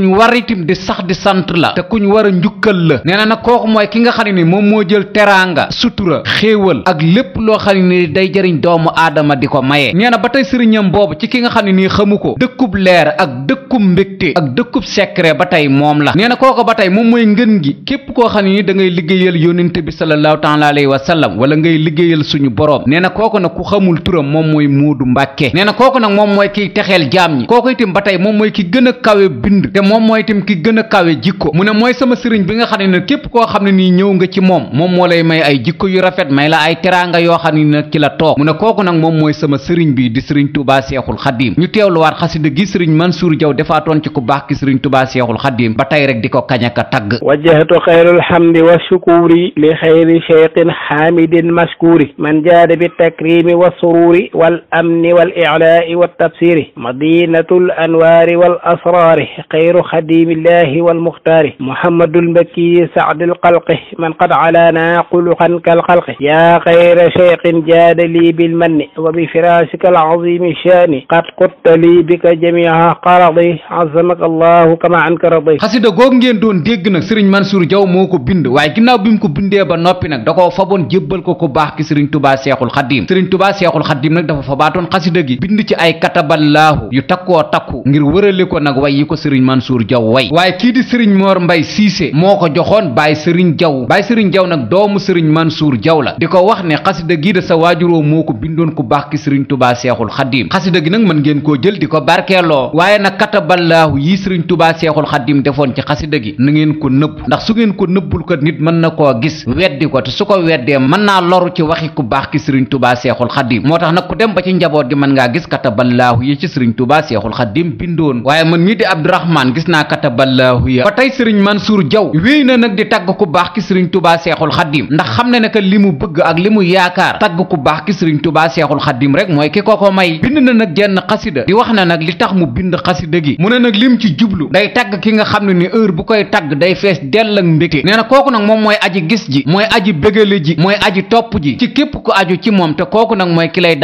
ku ñu war a njukkal la nee na nag kooku mooy ki nga xam ne nii moom moo jël teraanga sutura xéewal ak lépp loo xam ne day jëriñ doomu aadama di ko maye nee ba tey sëriñam boobu ci ki nga xam ne nii xamu ko dëkkub leer ak dëkkub mbégte ak dëkkub secret ba tey moom la nee na kooku ba tey moom mooy ngën gi képp koo xam ne nii da ngay liggéeyal yónnente bi sallallahu taala alayhi wa sallam wala ngay liggéeyal suñu borom nee na kooku nag ku xamul turam moom mooy muudu mbàkke nee texeel jaam ñi kooku itam ba tey moom mooy ki gën a kawe bind te moom mooy itam ki gën a kawe jikko mu ne mooy sama sëriñ bi nga xam ne nag képp koo xam ne nii ñëw nga ci moom moom moo kooku nag moom mooy sama sëriñ bi di sëriñ Tuubaa Seexul Xadiim ñu teewluwaat xasida gi sëriñ Mansuur Jaw defaatoon ci ku baax ki sëriñ Tuubaa Seexul Xadiim ba tey rek di ko kañ aka tagg wajjahtu xayrul hamdi wa shukuri li xayri cheikhin xaamidin mashkuri man jaada bi takrimi wa sururi wal amni wal ilaai wa tafsiri madinatul anwaari الأسرار والأسرار خير خديم الله والمختار محمد المكي سعد القلق من قد علانا قلقا كالقلق يا خير شيخ جاد لي بالمن وبفراشك العظيم الشان قد قدت لي بك جميع قرضي عظمك الله كما عنك رضي xasida googu ngeen doon dégg nag sëriñ Mansour Diaw moo ko bind waaye ginnaaw bi mu ko bindee ba noppi nag da koo faboon jébbal ko ku baax ki sëriñ Tubaa Seexul Xadiim sëriñ Tubaa Seexul Xadiim nag dafa fabaatoon xasida gi bind ci ay kataballaahu yu takkoo takku ngir wërale ko nag way yi ko sëriñ Mansour Diaw way waaye kii di sëriñ Mor Mbay Siise moo ko joxoon Baay Sëriñ Diaw Baay Sëriñ Diaw nag doomu sëriñ Mansour Diaw la di ko wax ne xasida gi da sa waajuroo moo ko bindoon ku baax ki sëriñ Tubaa Seexul Xaddiim xasida gi nag mën ngeen koo jël di ko barkeeloo waaye nag kataballaahu yi sëriñ Tubaa Seexul Xaddiim defoon ci xasida gi na ngeen ko nëbb ndax su ngeen ko nëbbul ko nit mën na koo gis weddi ko te su ko weddee mën naa loru ci waxi ku baax ki sëriñ Tubaa Seexul Xaddiim moo tax nag ku dem ba ci njaboot gi mën ngaa gis kataballaahu yi ci sëriñ Tubaa tuddoon waaye man mii di abdourahman gis naa kataballaahu ya ba tey sëriñ mansuur jaw wéy na nag di tagg ku baax ki sëriñ tubaa seexul xaddim ndax xam ne ne li mu bëgg ak li mu yaakaar tagg ku baax ki sëriñ tubaa seexul xaddim rek mooy ki ko ko may bind na nag jenn xasida di wax na nag li tax mu bind xasida gi mu ne nag lim ci jublu day tagg ki nga xam ne ni heure bu koy tagg day fees dell ak mbégte nee na kooku nag moom mooy aji gis ji mooy aji bégale ji mooy ji ci képp ku aju ci moom te kooku nag mooy ki lay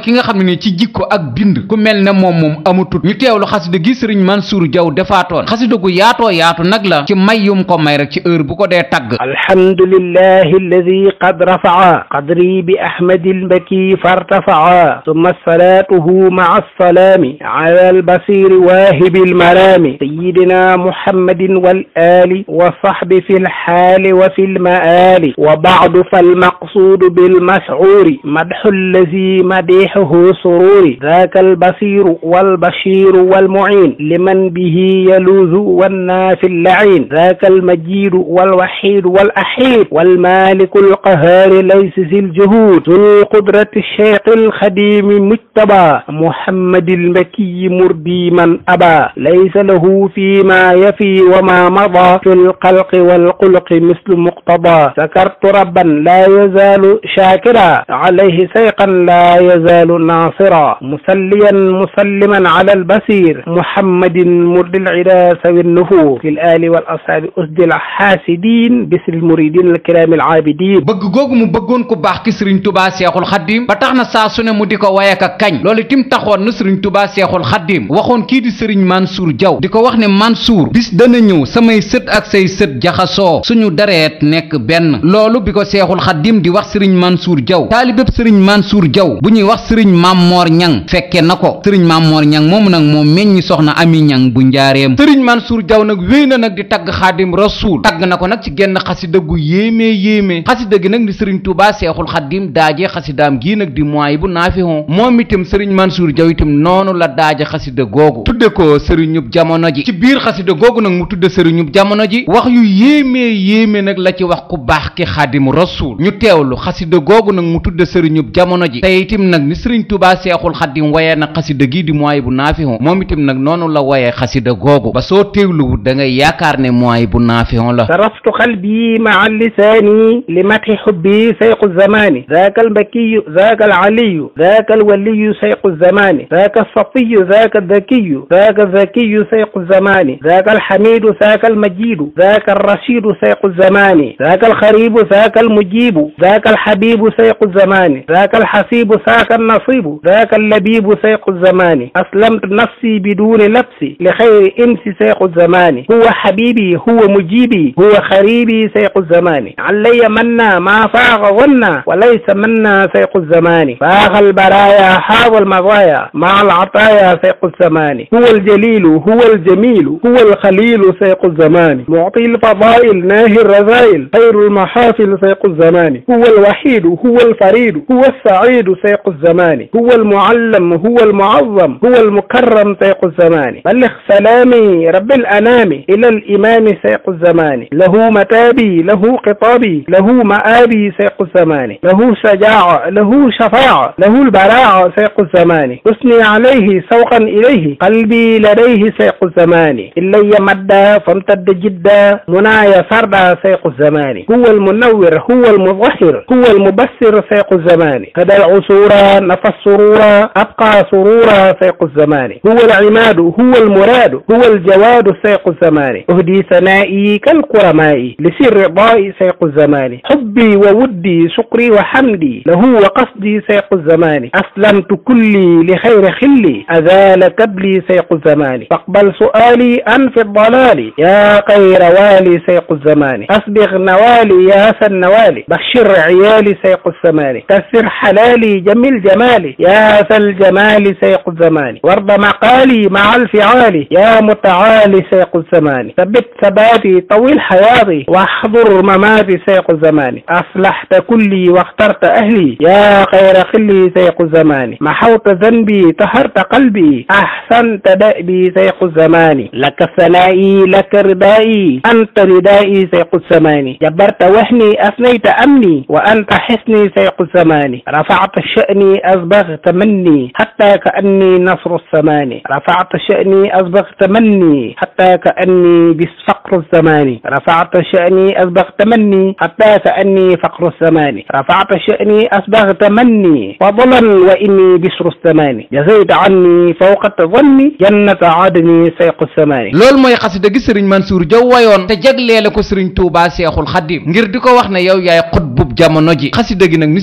ki nga xam ne ni ci jikko ak bind ku mel ne moom mom amutut ñu téwlu xasida gi serigne Mansour Diaw defaton xasida gu yaato yaato nak la ci may yum ko may rek ci heure bu ko dé tag alhamdulillahi alladhi qad rafaa qadri bi ahmad al-baki fartafaa thumma salatuhu maa as-salami ala albasiri waahibi almanaami sayidina muhammadin wal ali wa sahbi fi lxaali wa fi lmaali wa baadu falmaqsuudu bilmascuuri madxu alladi madixahu sururi ذاك البصير والبشير والمعين لمن به يلوذ والناس اللعين ذاك المجيد والوحيد والأحيد والمالك القهار ليس ذي الجهود ذو القدرة الشيخ الخديم مجتبى محمد المكي مردي من أبى ليس له فيما يفي وما مضى في القلق والقلق مثل مقتضى ذكرت ربا لا يزال شاكرا عليه سيقا لا يزال ناصرا مسليا مسليا لمن على البصير محمد مرد العراس سوي النفور في الآل والأصحاب أسد الحاسدين بس المريدين الكرام العابدين بغ غوغ مو بغون كو باخ كي سيرن توبا شيخ الخديم با تخنا سا سوني مو ديكو وايا كا كاج لولي تيم تاخون سيرن توبا شيخ الخديم واخون كي دي سيرن منصور جاو ديكو واخ ني منصور بيس دانا نيو سماي اك ساي سيت جاخاسو سونو دريت نيك بن لولو بيكو شيخ الخديم دي واخ سيرن منصور جاو طالب سيرن منصور جاو بو ني واخ سيرن مامور نيان فكي نكو سيرن مامور Mamor Ñang moom nag moom meññ soxna Ami Ñang bu njaareem sëriñ Mansour Diaw nag wéy na nag di tagg xaadim rasuul tagg na ko nag ci genn xasida gu yéemee yéemee xasida gi nag di sëriñ Touba seexul xaddim daajee xasidaam gii nag di mooy bu naafihon moom itam sëriñ Mansour Diaw itam noonu la daaje xasida googu tudde ko sëriñub jamono ji ci biir xasida googu nag mu tudde sëriñub jamono ji wax yu yéemee yéemee nag la ci wax ku baax ki xaadim rasuul ñu teewlu xasida googu nag mu tudde sëriñub jamono ji te itam nag ni sëriñ Touba seexul xaddim waye na xasida gii di moy bu nafihon momitim nak nonu la waye xasida gogo ba soo teewluwut da ngay yakar ne moy bu nafihon la saraftu qalbi maa lisani li hubbi sayq sayqu zamani zaaka almakiyu zaaka alaliyu zaaka sayq sayqu zamani zaaka alsatiyu zaaka aldakiyu zaaka sayq sayqu zamani zaaka alxamidu zaaka almajidu zaaka sayq sayqu zamani zaaka alxaribu zaaka almujibu zaaka sayq sayqu zamani zaaka alxasibu zaaka النصيب ذاك اللبيب سيق الزمان أسلمت نفسي بدون لبسي لخير إنس سيق الزمان هو حبيبي هو مجيبي هو خريبي سيق الزمان علي منا ما فاغ ظنا وليس منا سيق الزمان فاغ البرايا حاو المضايا مع العطايا سيق الزمان هو الجليل هو الجميل هو الخليل سيق الزمان معطي الفضائل ناهي الرذائل خير المحافل سيق الزمان هو الوحيد هو الفريد هو السعيد سيق الزمان هو المعلم هو المعظم الكرم هو المكرم سيق الزمان بلغ سلامي رب الأنام إلى الإمام سيق الزمان له متابي له قطابي له مآبي سيق الزمان له شجاعة له شفاعة له البراعة سيق الزمان أثني عليه سوقا إليه قلبي لديه سيق الزمان إلي مدى فامتد جدا منايا سردا سيق الزمان هو المنور هو المظهر هو المبصر سيق الزمان هذا العصور نفى السرور أبقى سرورا سيق الزمان هو العماد هو المراد هو الجواد سيق الزمان أهدي ثنائي كالقرماء لسر رضائي سيق الزمان حبي وودي شكري وحمدي له وقصدي سيق الزمان أسلمت كلي لخير خلي أذال كبلي سيق الزمان فاقبل سؤالي أن في الضلال يا خير والي سيق الزمان أسبغ نوالي يا سن نوالي بشر عيالي سيق الزمان كسر حلالي جميل جمالي يا ذا الجمال سيق الزمان زماني وارض مقالي مع الفعال يا متعالي سيق الزمان ثبت ثباتي طويل حياتي واحضر مماتي سيق الزمان أصلحت كلي واخترت أهلي يا خير خلي سيق الزمان محوت ذنبي طهرت قلبي أحسنت دأبي سيق الزمان لك ثنائي لك ردائي أنت ردائي سيق الزمان جبرت وهني أثنيت أمني وأنت حسني سيق الزمان رفعت شأني أصبغت مني حتى كأني نصر الثماني رفعت شأني أسبغ تمني حتى كأني بفقر الزمان رفعت شأني أسبغ تمني حتى كأني فقر الزمان رفعت شأني أسبغ تمني فضلا وإني بشر الثمان جزيت عني فوق تظني جنة عدن سيق الثمان لول ما يقصد جسر منصور جوايون تجل لك سر توبا سيخ الخديم غير ديكو واخنا ياو ياي قطب جامونو جي خسي دغي نك ني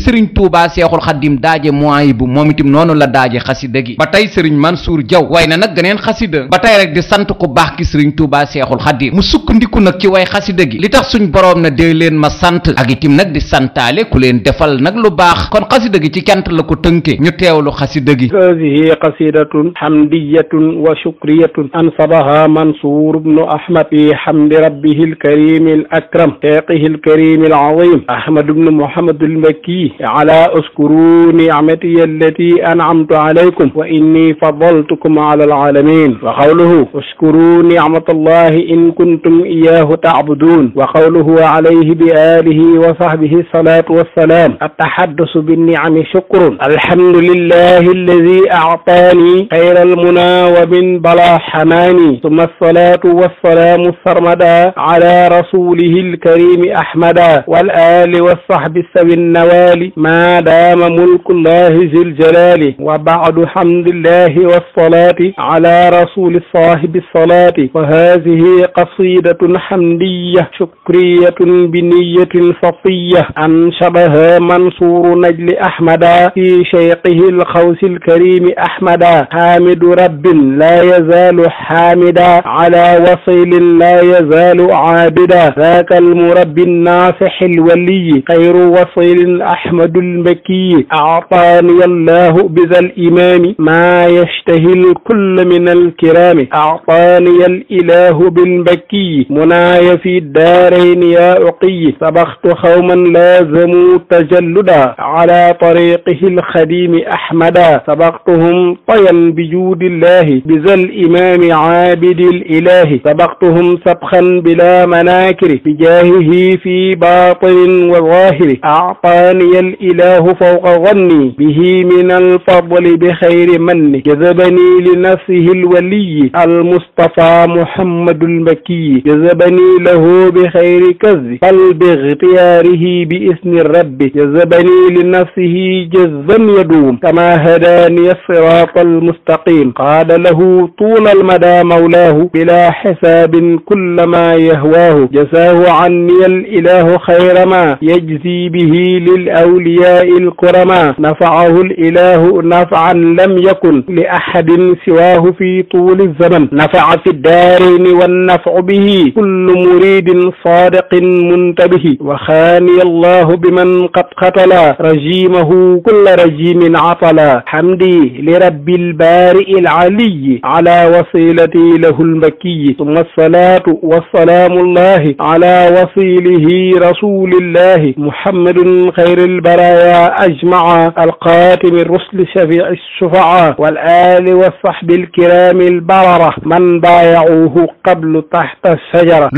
سيخ الخديم داجي موايب مومتيم نونو لا داجي خسي دغي با tey sëriñ Mansour Diaw way na nag geneen xasida ba tey rek di sant ku baax ki sëriñ Touba Seexul Xadim mu sukkandiku nag ci way xasida gi li tax suñ boroom na dee leen ma sant ak itim nag di santaale ku leen defal nag lu baax kon xasida gi ci cant la ko tënke ñu teewlu xasida gi haadihi qasidatun hamdiyatun wa shukriyatun ansabaha Mansour ibnu Ahmad fi hamdi rabbihi alkarimi al akram taaqihi alkarimi al azim Ahmad ibnu Muhammad al Makki ala uskuru ni'mati allati an'amtu alaykum wa inni أني فضلتكم على العالمين وقوله اشكروا نعمة الله إن كنتم إياه تعبدون وقوله عليه بآله وصحبه الصلاة والسلام التحدث بالنعم شكر الحمد لله الذي أعطاني خير المنى ومن بلا حماني ثم الصلاة والسلام السرمدا على رسوله الكريم أحمدا والآل والصحب السوي النوال ما دام ملك الله ذي الجلال وبعد حمد الله الله والصلاة على رسول صاحب الصلاة وهذه قصيدة حمدية شكرية بنية صفية أنشدها منصور نجل أحمد في شيقه الخوس الكريم أحمد حامد رب لا يزال حامدا على وصيل لا يزال عابدا ذاك المرب الناصح الولي خير وصيل أحمد المكي أعطاني الله بذا الإمام ما ما يشتهي الكل من الكرام أعطاني الإله بالبكي مناي في الدارين يا أقي سبخت قوما لازموا تجلدا على طريقه الخديم أحمدا سبقتهم طيا بجود الله بذا الإمام عابد الإله سبقتهم سبخا بلا مناكر بجاهه في باطن وظاهر أعطاني الإله فوق ظني به من الفضل بخير من جذبني لنفسه الولي المصطفى محمد المكي جذبني له بخير كذ بل باغتياره باسم الرب جذبني لنفسه جذا يدوم كما هداني الصراط المستقيم قال له طول المدى مولاه بلا حساب كل ما يهواه جزاه عني الإله خير ما يجزي به للأولياء الكرما نفعه الإله نفعا لم يكن يكن لأحد سواه في طول الزمن نفع في الدارين والنفع به كل مريد صادق منتبه وخاني الله بمن قد قتلا رجيمه كل رجيم عطلا حمدي لرب البارئ العلي على وصيلتي له المكي ثم الصلاة والسلام الله على وصيله رسول الله محمد خير البرايا أجمع القاتم الرسل شفيع الشفعاء والآل والصحب الكرام البررة من بايعوه قبل تحت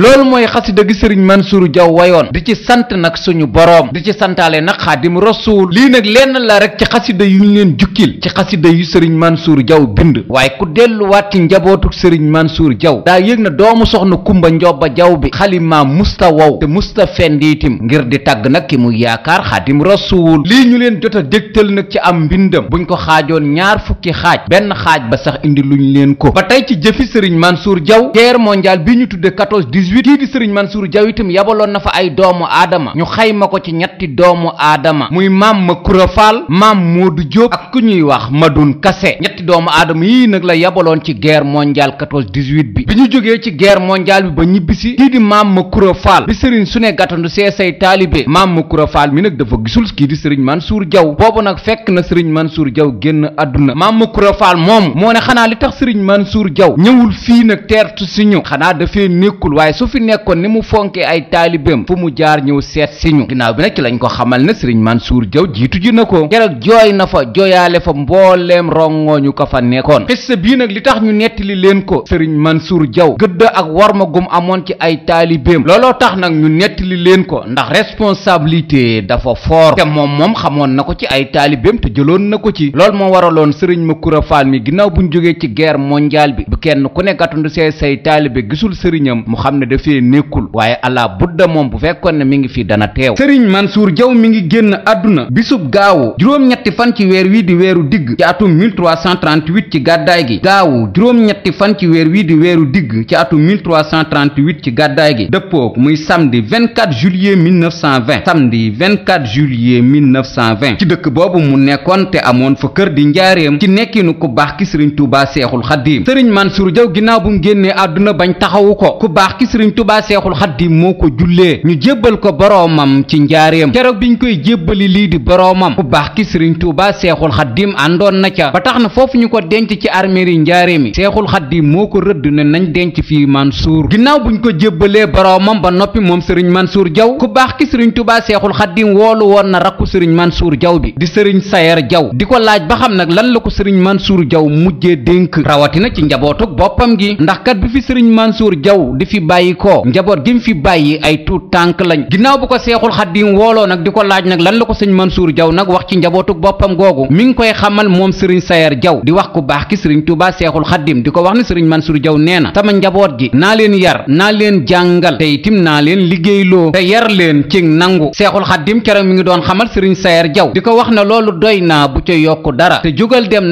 loolu mooy xasida gi sëriñ Mansour Diaw wayoon di ci sant nag suñu boroom di ci santaale nag xaadim rasuul lii nag lenn la rek ci xasida yu ñu leen jukkil ci xasida yu sëriñ Mansour Diaw bind waaye ku delluwaat ci njabootu sëriñ Mansour Diaw daa yëg na doomu soxna Kumba Njobba Diaw bi xalima musta wow te musta fendiitim ngir di tagg nag ki muy yaakaar xaadim rasuul lii ñu leen jot a dégtal nag ci am mbindam buñ ko xaajoon ñaar fukki ñetti xaaj benn xaaj ba sax indi lu ñu leen ko ba tey ci jëfi sëriñ Mansour jaw geer mondiale bi ñu tudde 14 18 kii di sëriñ Mansour Diaw itam yabaloon na fa ay doomu aadama ñu xayma ko ci ñetti doomu aadama muy maam ma Makura Fall maam du Diop ak ku ñuy wax ma dun Kassé ñetti doomu aadama yii nag la yabaloon ci guerre mondiale 14 18 bi bi ñu jógee ci geer mondiale bi ba ñibbisi kii di maam Makura Fall bi sëriñ su ne gàttandu see say taalibe maam Makura Fall mi nag dafa gisul kii di sëriñ Mansour Diaw boobu nag fekk na sëriñ Mansour Diaw génn àdduna Mukura Fall moom moo ne xanaa li tax Serigne Mansour Diaw ñëwul fii nag teertu si ñu xanaa dafee nekkul waaye su fi nekkoon ni mu fonkee ay taalibeem fu mu jaar ñëw seet si ñu ginnaaw bi nag ci lañ ko xamal ne Serigne Mansour Diaw jiitu ji na ko keroog jooy na fa jooyaale fa mbooleem rongoo ñu ko fa nekkoon xissa bii nag li tax ñu nettali leen ko man suur Diaw gëdd ak warma gum amoon ci ay taalibeem looloo tax nag ñu nettali leen ko ndax responsabilité dafa fort te moom moom xamoon na ko ci ay taalibeem te na ko ci Makura Fall mi ginnaaw buñ jógee ci guerre mondiale bi bu kenn ku ne gàttandu see say taalibe gisul sëriñam mu xam ne dafee nekkul waaye ala budda moom bu fekkoon ne mi ngi fi dana teew sëriñ Mansour Diaw mi ngi génn àdduna bisub gaawu juróom-ñetti fan ci weer wii di weeru digg ci atum 1338 ci gaddaay gi gaawu juróom-ñetti fan ci weer wii di weeru digg ci atum 1338 ci gàddaay gi dëppook muy samedi 24 juillet 1920 samedi 24 juillet 1920 ci dëkk boobu mu nekkoon te amoon fa kër di njaareem nekkinu ku baax ki sëriñ Touba Seexul Xaddiim sëriñ Mansour Diaw ginnaaw bu mu génnee àdduna bañ taxawu ko ku baax ki sëriñ Touba Seexul Xaddiim moo ko jullee ñu jébbal ko boroomam ci njaareem keroog ñu koy jébbali lii di boroomam ku baax ki sëriñ Touba Seexul Xaddiim àndoon na ca ba tax na foofu ñu ko denc ci arméeri njaareem yi Seexul Xaddiim moo ko rëdd ne nañ denc fii Mansour ginnaaw bu ñu ko jébbalee boroomam ba noppi moom sëriñ Mansour jaw ku baax ki sëriñ Touba Seexul Xaddiim woolu woon na rakku sëriñ Mansour Diaw bi di sëriñ sayar Diaw sëriñ Mansour Diaw mujjee dénk rawatina ci njabootuk boppam gi ndax kat bi fi sëriñ Mansour Diaw di fi bàyyi ko njaboot gi mu fi bàyyi ay tuut tànk lañ ginnaaw bu ko seexul xaddiim wooloo nag di ko laaj nag lan la ko sëñ Mansour jaw nag wax ci njabootuk boppam googu mi ngi koy xamal moom sëriñ Sayer jaw di wax ko baax ki sëriñ Tuubaa seexul xaddiim di ko wax ni sëriñ Mansour Diaw nee na sama njaboot gi naa leen yar naa leen jàngal te itim naa leen liggéey loo te yar leen ci nangu seexul xaddiim keroog mi ngi doon xamal sëriñ Sayer Diaw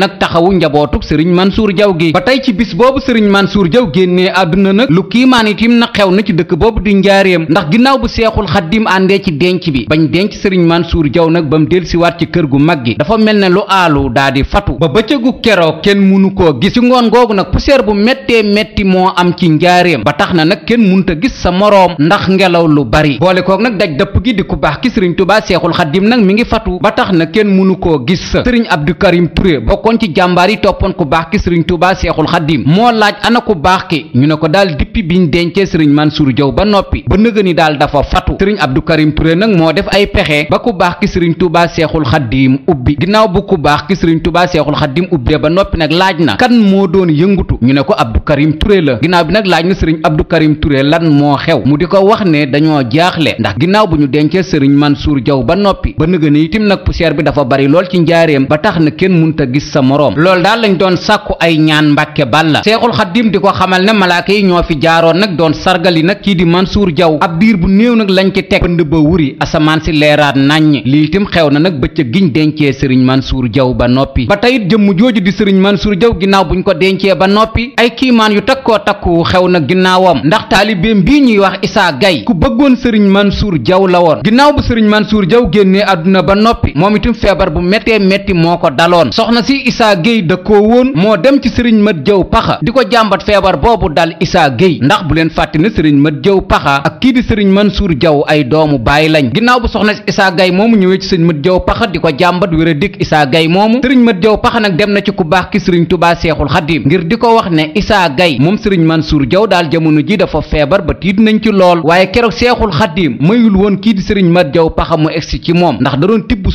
Nak taxawu njabotuk serigne Mansour Diaw gi ba tay ci bis bobu serigne Mansour Diaw genné aduna nak lu ki manitim na xew na ci dekk bobu di njaareem ndax ginnaw bu cheikhul khadim àndee ci denc bi bañ denc serigne Mansour Diaw nag wat ci kër gu maggi dafa mel lu alu dadi fatu ba bëccëgu keroog munuko munu ko gis ci ngoon googu nag poussière bu metté metti mo am ci njaareem ba taxna nak ken munta gis sa morom ndax ngelaw lu bari bolé kok nak daj depp gi di ku bax ki serigne touba cheikhul khadim nak mi ngi fatu ba taxna munuko munu ko gis serigne Abdou Karim Touré bokk bokkoon ci jàmbaar yi toppoon ku baax ki sëriñ Tuubaa Seexul Xaddiim moo laaj ana ku baax ki ñu ne ko daal dippi biñ dencee sëriñ Mansuur Jaw ba noppi ba nëga ni daal dafa fatu sëriñ Abdou Karim Touré nag moo def ay pexe ba ku baax ki sëriñ Tuubaa Seexul Xaddiim ubbi ginnaaw bu ku baax ki sëriñ Tuubaa Seexul Xaddiim ubbee ba noppi nag laaj na kan moo doon yëngutu ñu ne ko Abdou Karim Touré la ginnaaw bi nag laaj na sëriñ Abdou Karim Touré lan moo xew mu di ko wax ne dañoo jaaxle ndax ginnaaw bu ñu dencee sëriñ Mansuur Jaw ba noppi ba nëga ni itim nag poussière bi dafa bari lool ci njaareem ba tax na kenn munta gis sa morom lol dal lañ doon sakku ay ñaan mbacke balla cheikhul khadim di xamal ne malaaka yi ñofi fi jaaroon doon sargali nak ki di Mansour jaw ab bir bu neew nak lañ ci tek bënd ba wuri asaman si leraat nañ li itam xew na nag bëccëg giñ dencee serigne Mansour jaw ba nopi ba tayit jëm joju di serigne Mansour jaw ginaaw buñ ko dencee ba nopi ay man yu takko takku xew na ndax talibem bi ñuy wax isa gay ku bëggoon serigne Mansour jaw la woon ginaaw bu serigne Mansour jaw génnee aduna ba nopi moom itam bu metti metti moko dalon daloon soxna si Issa Gueye dëkkoo woon moo dem ci sëriñ Mat Jaw Paxa di ko jàmbat feebar boobu dal Issa Gueye ndax bu leen fàtte ne sëriñ Mat Jaw Paxa ak kii di sëriñ Mansour Jaw ay doomu baay lañ ginnaaw bu soxna Issa Gueye moomu ñëwee ci sëriñ Mat Jaw Paxa di ko jàmbat wér a dikk Issa Gueye moomu sëriñ Mat Jaw Paxa nag dem na ci ku baax ki sëriñ Tubaa Seexul Xadim ngir di ko wax ne Issa gay moom sëriñ suur Jaw daal jamono ji dafa feebar ba tiit nañ ci lool waaye keroog Seexul Xadim woon kii di sëriñ Mat Jaw Paxa mu moom ndax da doon tibb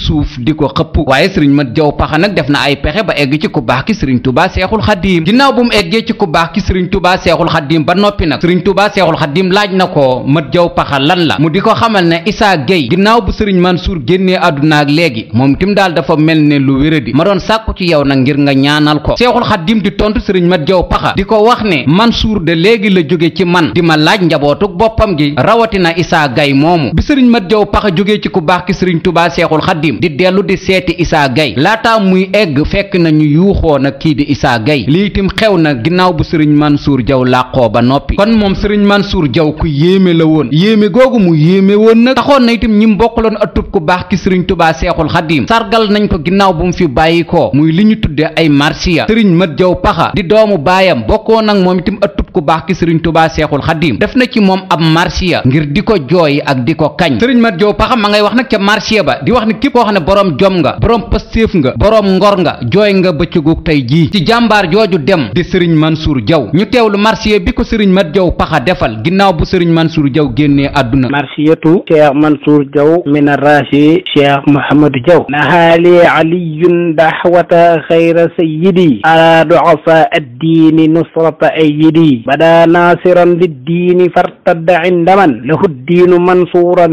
doxee ba egg ci ku baax ki sëriñ tubaa seexul xaddiim ginnaaw bu mu eggee ci ku baax ki sëriñ tubaa seexul xaddiim laaj na ko mat jaw paxa lan la mu di ko xamal ne isaa gay ginnaaw bu sëriñ mansuur génnee àdduna léegi moom tim daal dafa mel ne lu wéradi ma doon sàkku ci yow nag ngir nga ñaanal ko seexul xaddiim di tontu sëriñ mat jaw paxa di ko wax ne mansuur de léegi la jóge ci man di ma laaj njabootug boppam gi rawatina isaa gay moomu sëriñ mat jaw paxa jógee ci ku baax ki sëriñ tubaa seexul xaddiim di dellu di seeti isaa gay laata muy egg fekk fekk nañu yuuxoo na kii di Issa Gueye lii itam xew na ginnaaw bu sëriñ Mansour Diaw làqoo ba noppi kon moom sëriñ suur jaw ku yéeme la woon yéeme googu mu yéeme woon nag taxoon na itam ñi mu bokkaloon atub ku baax ki sëriñ Tubaa Seexul Xadiim sargal nañ ko ginnaaw bu mu fi bàyyikoo muy li ñu tuddee ay marsiya sëriñ Mat jaw Paxa di doomu baayam bokkoon ak moom itam atub ku baax ki sëriñ tubaa seexul xaddiim def na ci moom ab marsiya ngir di ko jooy ak di ko kañ sëriñ mat jow paxam ma ngay wax nag ca marsiya ba di wax ni képp koo xam ne boroom jom nga boroom pëstéef nga boroom ngor nga jooy nga bëccëgug tey jii ci jàmbaar jooju dem di sëriñ Mansour Diaw ñu teew lu marsiya bi ko sëriñ mat jow paxa defal ginnaaw bu sëriñ Mansour Diaw génnee àdduna marsiyatu cheikh Mansour Diaw min a cheikh Mouhamadou Diaw nahaali aliyun daxwata xayra sayidi araadu asa addiini nusrata ayidi بدا ناصرا للدين فارتد عند من له الدين منصورا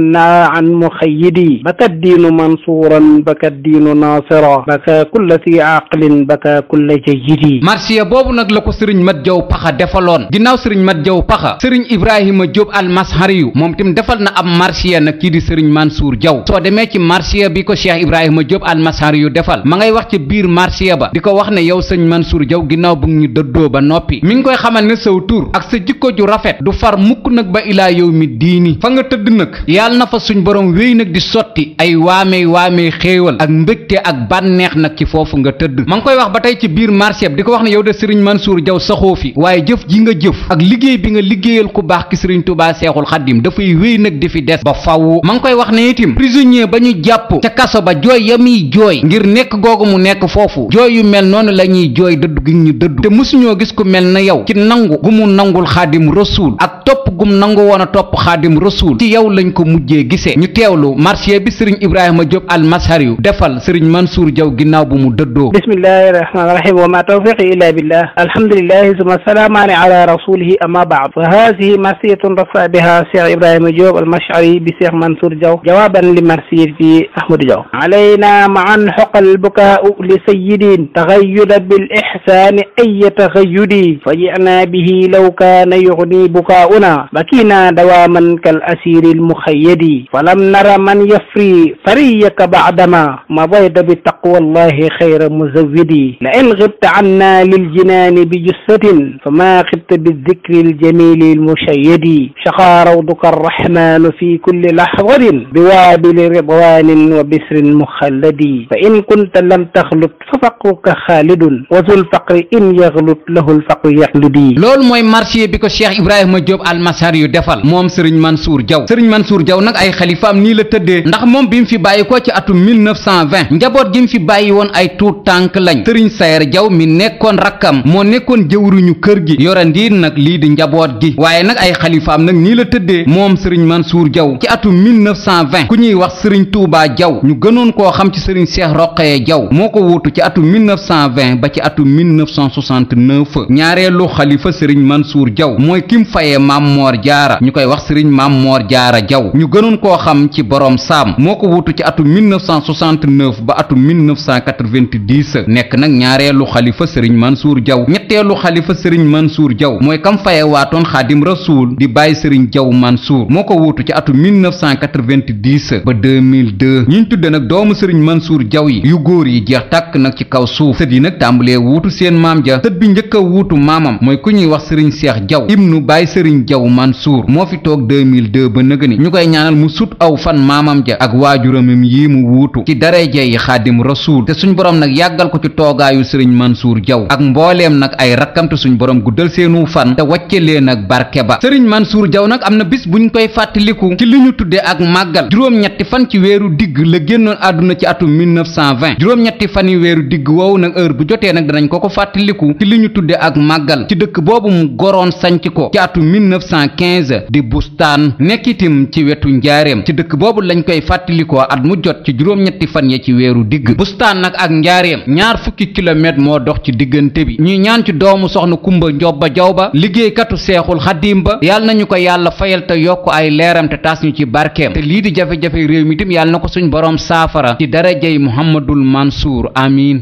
عن مخيدي بكى الدين منصورا بكى الدين ناصرا بكى كل ذي عقل بكى كل جيدي marsiya boobu nag la ko sëriñ mat jaw paxa defaloon ginnaaw sëriñ mat jaw paxa sëriñ ibrahima jóob almashari yu moom tim defal na am marsiya nag kii di sëriñ mansuur jaw soo demee ci marsiya bi ko cheikh ibrahima jóob almashari yu defal ma ngay wax ci biir marsiya ba di ko wax ne yow sëñ mansuur jaw ginnaaw bu ñu noppi saw tur ak sa jikko ju rafet du far mukk nag ba ilaa yow mi diini fa nga tëdd nag yàlla na fa suñ borom wéy nag di sotti ay waamey waamey xéewal ak mbégte ak bànneex nag ci foofu nga tëdd ma ngi koy wax ba tey ci biir marché bi di ko wax ne yow de sëriñ Mansour Diaw saxoo fi waaye jëf ji nga jëf ak liggéey bi nga liggéeyal ku baax ki sëriñ Tuubaa Seexul Xaddim dafay wéy nag di fi des ba fawu ma ngi koy wax ne itim prisonnier ba ñu jàpp ca kaso ba jooy ya muy jooy ngir nekk googu mu nekk foofu jooy yu mel noonu la ñuy jooy dëddu gi ñu dëddu te gis ku mel na gu mu nangul xaadim rasuul ak topp gum nangu woon a topp xaadim rasuul ci yow lañ ko mujjee gisee ñu teewlu marché bi sëriñ ibrahima diop almashariyu defal sëriñ mansuur jaw ginnaaw bu mu dëddoo bismillahi rahmaani rahim wa ma tawfiqi illa billah alhamdulillahi suma salaamaani ala rasulihi amma baad fa haasihi marsiyatun rafa biha cheikh ibrahima diop almashari bi cheikh mansuur jaw jawaaban li marsiyati ahmadou jaw alayna maan xoqal bukaau li sayidin taxayuda bil ixsaani ay taxayudi fa jinaa bihi لو كان يغني بكاؤنا بكينا دواما كالأسير المخيد فلم نر من يفري فريك بعدما مضيت بتقوى الله خير مزودي لئن غبت عنا للجنان بجسة فما خبت بالذكر الجميل المشيد شقى روضك الرحمن في كل لحظة بوابل رضوان وبسر مخلد فإن كنت لم تخلط ففقرك خالد وذو الفقر إن يغلط له الفقر يقلدي mooy marché bi ko Cheikh Ibrahima Diop almasar yu defal moom sëriñ Mansour Diaw sëriñ Mansour Diaw nag ay xalifaam nii la tëddee ndax moom bi mu fi bàyyi ko ci atum 1920 njaboot gi mu fi bàyyi woon ay tuut tànk lañ sëriñ Sayer jaw mi nekkoon rakkam moo nekkoon ñu kër gi ndiin nag lii di njaboot gi waaye nag ay xalifaam nag nii la tëddee moom sëriñ suur jaw ci atum 1920 ku ñuy wax sëriñ Touba jaw ñu gënoon koo xam ci sëriñ Cheikh Roqeye Diaw moo ko wuutu ci atum 1920 ba ci sëriñ Mansour Diaw mooy kim fayee maam moor jaara ñu koy wax sëriñ maam moor jaara Diaw ñu gënoon koo xam ci borom saam moo ko wuutu ci atum 1969 ba atum 1990 nekk nag ñaareelu xalifa sëriñ Mansour Diaw ñetteelu xalifa sëriñ Mansour Diaw mooy kam faye waatoon xaadim rasuul di bàyyi sëriñ Diaw Mansour moo ko wuutu ci atum 1990 ba 2002 ñiñ tudde nag doomu sëriñ Mansour Diaw yi yu góor yi jeex tàkk nag ci kaw suuf sët yi nag tàmbalee wuutu seen maam ja sët bi njëkk a wuutu maamam mooy ku ñuy wax wax sëriñ seex jaw ibnu baay sëriñ jaw mansuur moo fi toog 2002 ba nëgëni ñu koy ñaanal mu sut aw fan maamam ja ak waajuramam yi mu wuutu ci dareje yi xaadim rasuul te suñ borom nag yàggal ko ci toogaayu sëriñ mansuur jaw ak mbooleem nag ay rakkamte suñ borom guddal seenu fan te wàcce leen ak barke ba sëriñ mansuur jaw nag am na bis buñ koy fàttaliku ci li ñu tudde ak màggal juróom-ñetti fan ci weeru digg la génnoon àdduna ci atum 1920 juróom-ñetti fan yi weeru digg woowu nag heure bu jotee nag danañ mbokkum goroon sanc ko ci atu 1915 di bustaan nekkitim ci wetu njaareem ci dëkk boobu lañ koy fàttalikoo at mu jot ci juróom-ñetti fan ya ci weeru digg bustaan nag ak njaareem ñaar fukki kilomètre moo dox ci diggante bi ñuy ñaan ci doomu soxna kumba njobba jaw ba liggéeykatu seexul xadiim ba yàlla nañu ko yàlla fayal te yokk ay leeram te taas ñu ci barkeem te lii di jafe-jafe réew mi tim yàlla na ko suñ boroom saafara ci darajey muhammadul mansuur amin